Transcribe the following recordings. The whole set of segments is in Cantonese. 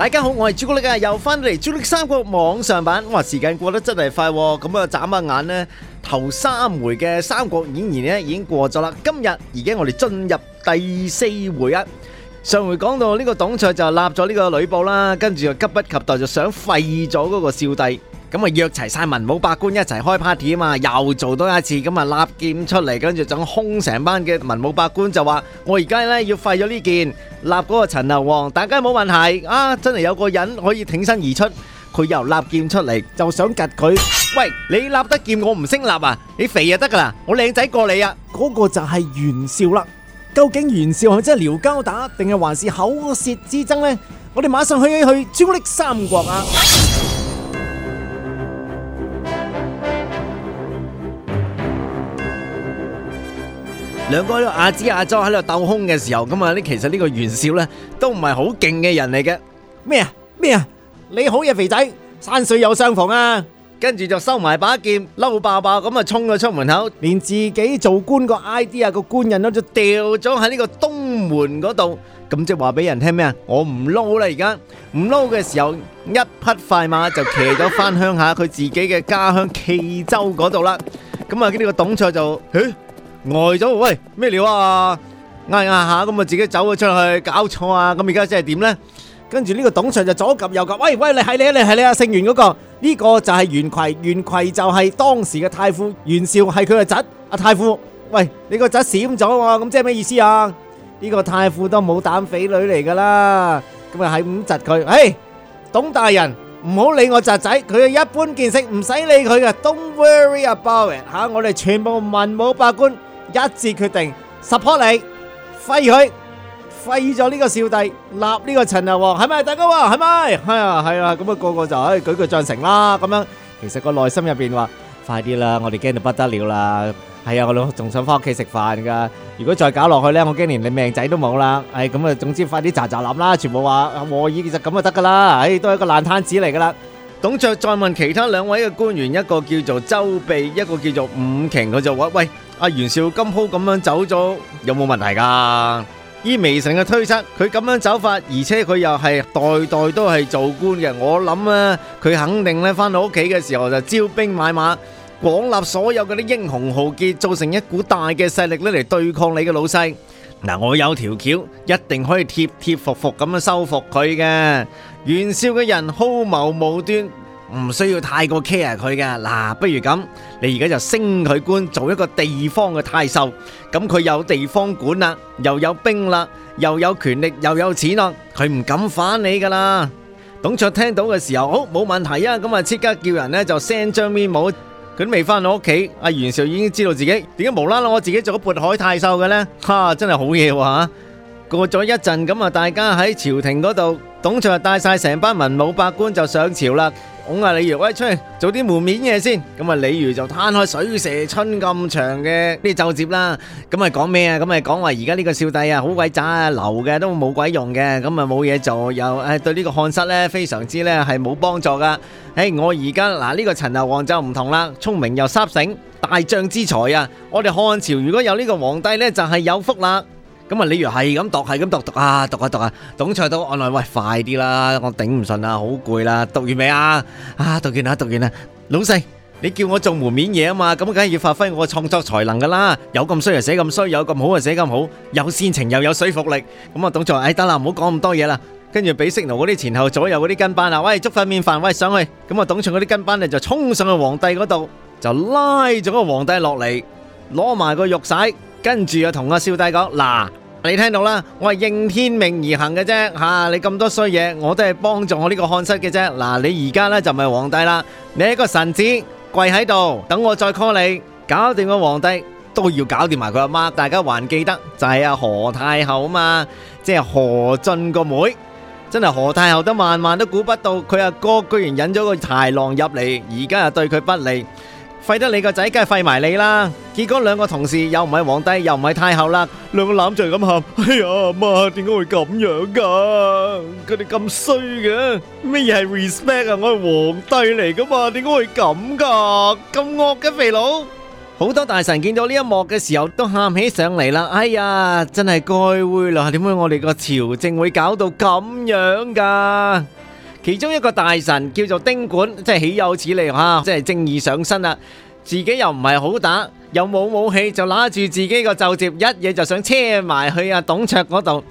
大家好，我係朱古力啊，又翻到嚟朱古力三國網上版。哇，時間過得真係快，咁啊眨下眼咧，頭三回嘅三國演義咧已經過咗啦。今日而家我哋進入第四回啊。上回講到呢個董卓就立咗呢個呂布啦，跟住就急不及待就想廢咗嗰個少帝。咁啊約齊晒文武百官一齊開 party 啊嘛，又做多一次咁啊，立劍出嚟，跟住整空成班嘅文武百官就話：我而家咧要廢咗呢件，立嗰個陳留王，大家冇問題啊！真係有個人可以挺身而出，佢又立劍出嚟，就想㓤佢。喂，你立得劍我唔識立啊！你肥就得噶啦，我靚仔過你啊！嗰個就係袁紹啦。究竟袁紹係真係撩交打，定係還是口舌之爭呢？我哋馬上去一去朱古力三國啊！兩個阿支阿周喺度鬥空嘅時候，咁啊呢其實呢個袁紹呢，都唔係好勁嘅人嚟嘅。咩啊咩啊！你好嘢，肥仔，山水有相逢啊！跟住就收埋把劍，嬲爆爆咁啊衝咗出門口，連自己做官個 ID 啊個官印都掉咗喺呢個東門嗰度。咁即係話俾人聽咩啊？我唔撈啦，而家唔撈嘅時候，一匹快馬就騎咗翻鄉下佢自己嘅家鄉冀州嗰度啦。咁啊呢個董卓就，誒。呆咗喂咩料啊？嗌嗌下咁啊，啊，啊，啊自己走咗出去搞錯啊！咁而家即係點咧？跟住呢個董卓就左及右及，喂喂你係你啊你係你啊！姓袁嗰、那個呢、這個就係袁隗，袁隗就係當時嘅太傅袁紹係佢嘅侄，阿太傅。喂你個侄閃咗咁即係咩意思啊？呢、這個太傅都冇膽匪女嚟噶啦！咁啊喺咁窒佢，誒董大人唔好理我侄仔，佢係一般見識，唔使理佢嘅。Don't worry about it 吓、啊，我哋全部文武百官。一致決定，support 你，廢佢，廢咗呢個少帝，立呢個陳留王，係咪大家話，係咪？係啊係啊，咁啊個個就誒舉個贊成，啦，咁樣其實個內心入邊話快啲啦，我哋驚到不得了啦，係啊，我哋仲想翻屋企食飯噶，如果再搞落去咧，我驚連你命仔都冇啦，哎，咁啊，總之快啲咋咋諗啦，全部話和議，其實咁就得噶啦，哎，都係一個爛攤子嚟噶啦。董卓再問其他兩位嘅官員，一個叫做周毖，一個叫做伍瓊，佢就話喂。阿、啊、袁紹金鋪咁樣走咗，有冇問題噶？依微臣嘅推測，佢咁樣走法，而且佢又係代代都係做官嘅，我諗啊，佢肯定咧翻到屋企嘅時候就招兵買馬，廣立所有嗰啲英雄豪傑，造成一股大嘅勢力咧嚟，對抗你嘅老細。嗱、啊，我有條橋，一定可以貼貼服服咁樣收服佢嘅。袁紹嘅人好謀無，無端。唔需要太過 care 佢噶，嗱，不如咁，你而家就升佢官，做一個地方嘅太守，咁佢有地方管啦，又有兵啦，又有權力，又有錢啦，佢唔敢反你噶啦。董卓聽到嘅時候，哦，冇問題啊，咁啊，即刻叫人咧就 send 張 memo，佢都未翻到屋企，阿袁紹已經知道自己點解無啦啦我自己做咗渤海太守嘅咧，哈，真係好嘢吓。過咗一陣，咁啊，大家喺朝廷嗰度，董卓啊帶晒成班文武百官就上朝啦。咁啊，李儒，喂，出去做啲門面嘢先。咁啊，李儒就攤開水蛇春咁長嘅呢啲奏折啦。咁啊，講咩啊？咁啊，講話而家呢個少帝啊，好鬼渣流嘅，都冇鬼用嘅。咁啊，冇嘢做，又誒對呢個漢室咧非常之咧係冇幫助噶。誒，我而家嗱呢個陳留王就唔同啦，聰明又生醒，大將之才啊！我哋漢朝如果有呢個皇帝咧，就係有福啦。咁啊！李儒係咁讀，係咁讀讀啊，讀啊讀啊！董卓都按耐，喂，快啲啦，我頂唔順啦，好攰啦，讀完未啊？啊，讀完啦，讀完啦！老細，你叫我做門面嘢啊嘛，咁梗係要發揮我嘅創作才能噶啦！有咁衰就寫咁衰，有咁好就寫咁好，有煽情又有說服力。咁啊，董卓，哎，得啦，唔好講咁多嘢啦。跟住俾色奴嗰啲前後左右嗰啲跟班啊，喂，捉塊面飯，喂，上去。咁啊，董卓嗰啲跟班咧就衝上去皇帝嗰度，就拉咗個皇帝落嚟，攞埋個玉璽，跟住啊同阿少帝講嗱。你聽到啦，我係應天命而行嘅啫吓，你咁多衰嘢，我都係幫助我呢個漢室嘅啫。嗱、啊，你而家呢，就唔係皇帝啦，你一個臣子，跪喺度等我再 call 你，搞掂個皇帝都要搞掂埋佢阿媽。大家還記得就係、是、阿、啊、何太后啊嘛，即係何進個妹，真係何太后都萬萬都估不到，佢阿哥居然引咗個豺狼入嚟，而家又對佢不利。廢得你個仔，梗係廢埋你啦。結果兩個同事又唔係皇帝，又唔係太后啦，兩個攬住咁喊：哎呀媽！點解會咁樣噶？佢哋咁衰嘅咩嘢係 respect 啊？我係皇帝嚟噶嘛？點解會咁噶？咁惡嘅肥佬，好多大臣見到呢一幕嘅時候都喊起上嚟啦。哎呀，真係該會啦！點解我哋個朝政會搞到咁樣噶？其中一個大臣叫做丁管，真係豈有此理吓！真係正義上身啦，自己又唔係好打，又冇武器，就拿住自己個奏折一嘢就想車埋去阿董卓嗰度。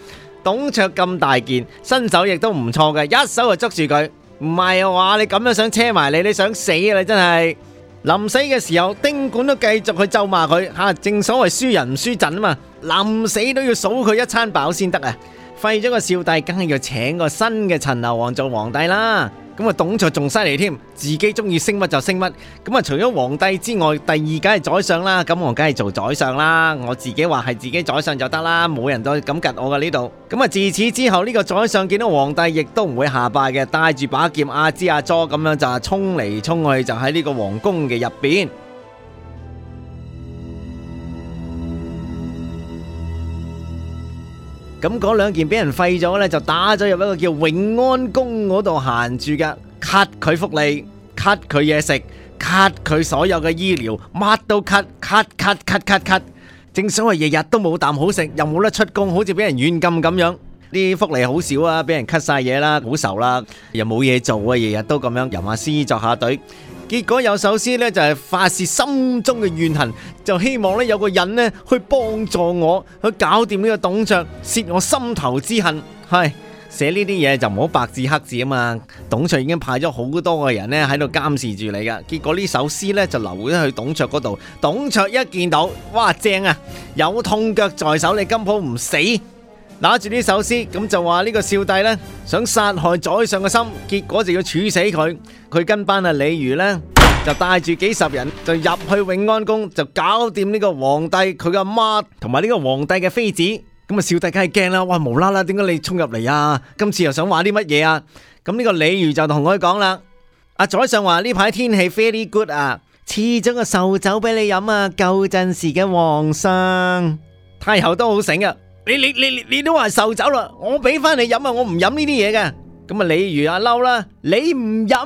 董卓咁大件，身手亦都唔錯嘅，一手就捉住佢。唔係啊話你咁樣想車埋你，你想死！你真係臨死嘅時候，丁管都繼續去咒罵佢吓。正所謂輸人唔輸陣啊嘛，臨死都要數佢一餐飽先得啊！廢咗個少帝，梗係要請個新嘅陳留王做皇帝啦。咁啊，董卓仲犀利添，自己中意升乜就升乜。咁啊，除咗皇帝之外，第二梗係宰相啦。咁我梗係做宰相啦。我自己話係自己宰相就得啦，冇人再敢吉我嘅呢度。咁啊，自此之後，呢個宰相見到皇帝亦都唔會下拜嘅，帶住把劍阿支阿左咁樣就係衝嚟衝去，就喺呢個皇宮嘅入邊。咁嗰兩件俾人廢咗呢，就打咗入一個叫永安宮嗰度，閂住噶，cut 佢福利，cut 佢嘢食，cut 佢所有嘅醫療，乜都 cut，cut cut cut cut cut。正所謂日日都冇啖好食，又冇得出工，好似俾人軟禁咁樣。啲福利好少啊，俾人 cut 曬嘢啦，好愁啦，又冇嘢做啊，日日都咁樣吟下詩，作下對。結果有首詩呢，就係發洩心中嘅怨恨，就希望呢有個人呢去幫助我去搞掂呢個董卓，泄我心頭之恨。係寫呢啲嘢就唔好白字黑字啊嘛。董卓已經派咗好多個人呢喺度監視住你噶。結果呢首詩呢，就留咗去董卓嗰度。董卓一見到，哇，正啊，有痛腳在手，你根本唔死。拿住呢首詩，咁就話呢個少帝呢，想殺害宰相嘅心，結果就要處死佢。佢跟班啊李儒呢， 就帶住幾十人就入去永安宮，就搞掂呢個皇帝佢阿媽同埋呢個皇帝嘅妃子。咁啊少帝梗係驚啦，哇，無啦啦點解你衝入嚟啊？今次又想話啲乜嘢啊？咁呢個李儒就同佢講啦，阿宰相話呢排天氣 very good 啊，賜咗個壽酒俾你飲啊，舊陣時嘅皇上太后都好醒啊。你你你你你都話受酒啦，我俾翻你飲啊！我唔飲呢啲嘢嘅咁啊。李儒阿嬲啦，你唔飲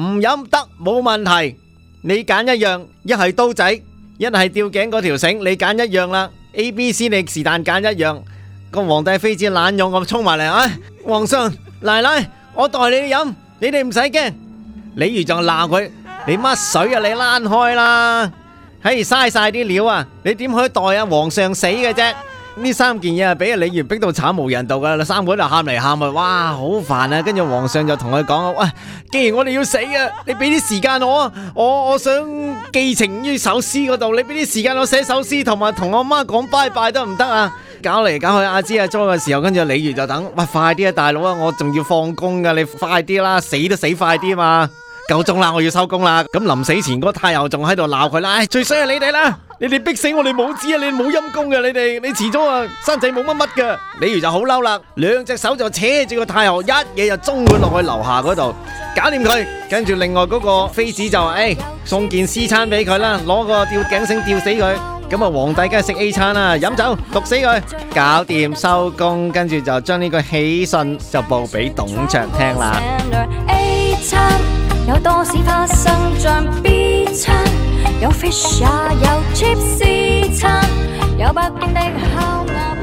唔飲得冇問題。你揀一樣，一係刀仔，一係吊頸嗰條繩，你揀一樣啦。A、B、C，你是但揀一樣。個皇帝妃子懶用咁衝埋嚟啊皇上奶奶，我代你飲，你哋唔使驚。李儒就鬧佢，你乜水啊？你躝開啦，嘿，嘥晒啲料啊！你點可以代啊皇上死嘅啫？呢三件嘢啊，俾阿李煜逼到慘無人道噶，三母就喊嚟喊去，哇好煩啊！跟住皇上就同佢講喂，既然我哋要死啊，你俾啲時間我，我我想寄情於首詩嗰度，你俾啲時間我寫首詩，同埋同我媽講拜拜得唔得啊？搞嚟搞去，阿芝啊，裝嘅時候，跟住李煜就等，喂，快啲啊，大佬啊，我仲要放工噶，你快啲啦、啊，死都死快啲啊嘛，夠鐘啦，我要收工啦。咁臨死前個太後仲喺度鬧佢啦，最衰係你哋啦。你哋逼死我哋母子啊！你冇陰功嘅，你哋你遲早啊！生仔冇乜乜嘅。李儒就好嬲啦，兩隻手就扯住個太后，一嘢就中佢落去樓下嗰度，搞掂佢，跟住另外嗰個妃子就話誒，送件 C 餐俾佢啦，攞個吊頸繩吊死佢，咁啊皇帝梗係食 A 餐啦，飲酒毒死佢，搞掂收工，跟住就將呢個喜訊就報俾董卓聽啦。有 fish 也有 chips 餐，有北京的烤鴨。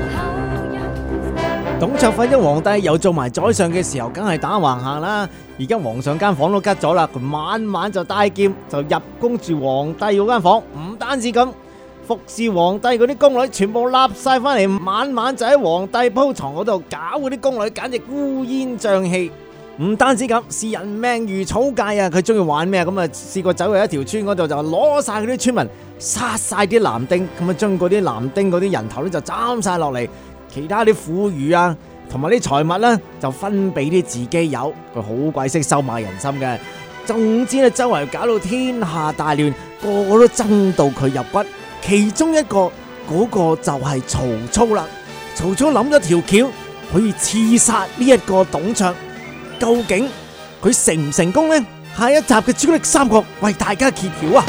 董卓廢咗皇帝又做埋宰相嘅時候，梗係打橫行啦。而家皇上間房都吉咗啦，佢晚晚就帶劍就入宮，住皇帝嗰間房。唔單止咁，服侍皇帝嗰啲宮女全部笠晒翻嚟，晚晚就喺皇帝鋪床嗰度搞嗰啲宮女，簡直烏煙瘴氣。唔單止咁，視人命如草芥啊！佢中意玩咩啊？咁啊，試過走去一條村嗰度，就攞晒嗰啲村民，殺晒啲男丁，咁啊，將嗰啲男丁嗰啲人頭咧就斬晒落嚟，其他啲婦孺啊，同埋啲財物咧，啊、就分俾啲自己友。佢好鬼識收買人心嘅，總之咧周圍搞到天下大亂，個個都憎到佢入骨。其中一個嗰，嗰個就係曹操啦，曹操諗咗條橋可以刺殺呢一個董卓，究竟佢成唔成功咧？下一集嘅《朱古力三國》為大家揭曉啊！